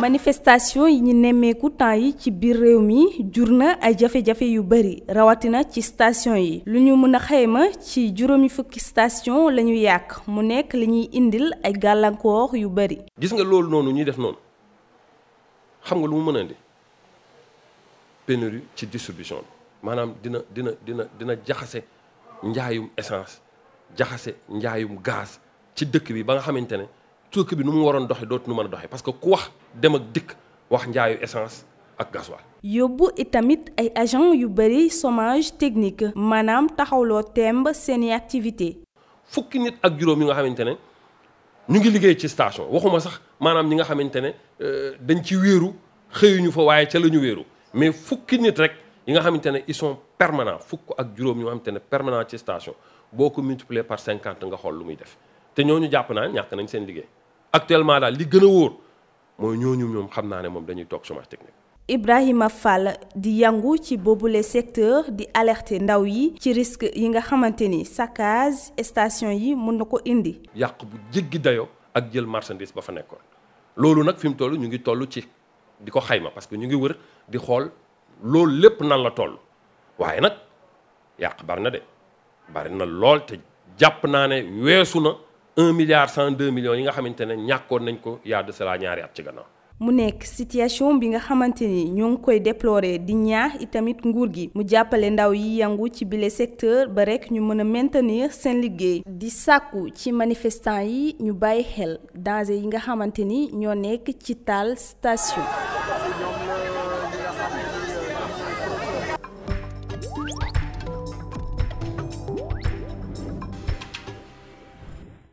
manifestation yi ñu nemmeeku temps yi ci biir réew mi jur na ay jafe-jafe yu bari rawatina ci station yi lu ñu mën a xayma ci juróomi fukki station la yàkk mu nekk li ñuy indil ay gàllankoor yu bari gis nga loolu noonu ñuy def noonu xam nga lu mu mën a indi ci distribution maanaam dina dina dina dina jaxase njaayum essence jaxase njaayum gaz ci dëkk bi ba nga xamante ne tukki bi nu mu waroon doxe dootu nu mën a doxe parce que ku wax dem ak dikk wax njaayu essence ak gasoil yóbbu itamit ay agent yu bëri chômage technique maanaam taxawloo temb seeni activité fukki nit ak juróom yi nga xamante ne ñu ngi liggéey ci station waxuma sax maanaam ñi nga xamante ne euh, dañ ci wéeru xëyuñu fa waaye ca la ñu wéeru mais fukki nit rek yi nga xamante ne ils sont fukk ak juróom ñoo xamante ne permanent station boo ko multiplier par cinquante nga xool lu muy def te ñooñu jàpp naa ñàkk nañ seen liggéey actuellement daal li gën a wóor mooy ñooñu ñoom xam naa ne moom dañuy toog chômage technique. Ibrahima Fall di yangu ci boobule secteur di alerter ndaw yi ci risque yi nga xamante ni saccage station yi mën na ko indi. yàq bu jéggi dayo ak jël marchandise ba fa nekkoon loolu nag fi mu toll ñu ngi toll ci di ko xayma parce que ñu ngi wër di xool. loolu lépp nan la toll waaye nag yàq bari na de bari na lool te jàpp naa ne weesu na un milliard cent deux millions yi nga xamante ne ñàkkoon nañ ko yaa de cela at ci gannaaw. mu nekk situation bi nga xamante ni ñoo ngi koy déplorer di ñaax itamit nguur gi mu jàppale ndaw yi yangu ci bile secteur ba rekk ñu mën a maintenir seen liggéey di sàkku ci manifestant yi ñu bàyyi xel danger yi nga xamante ni ñoo nekk ci taal station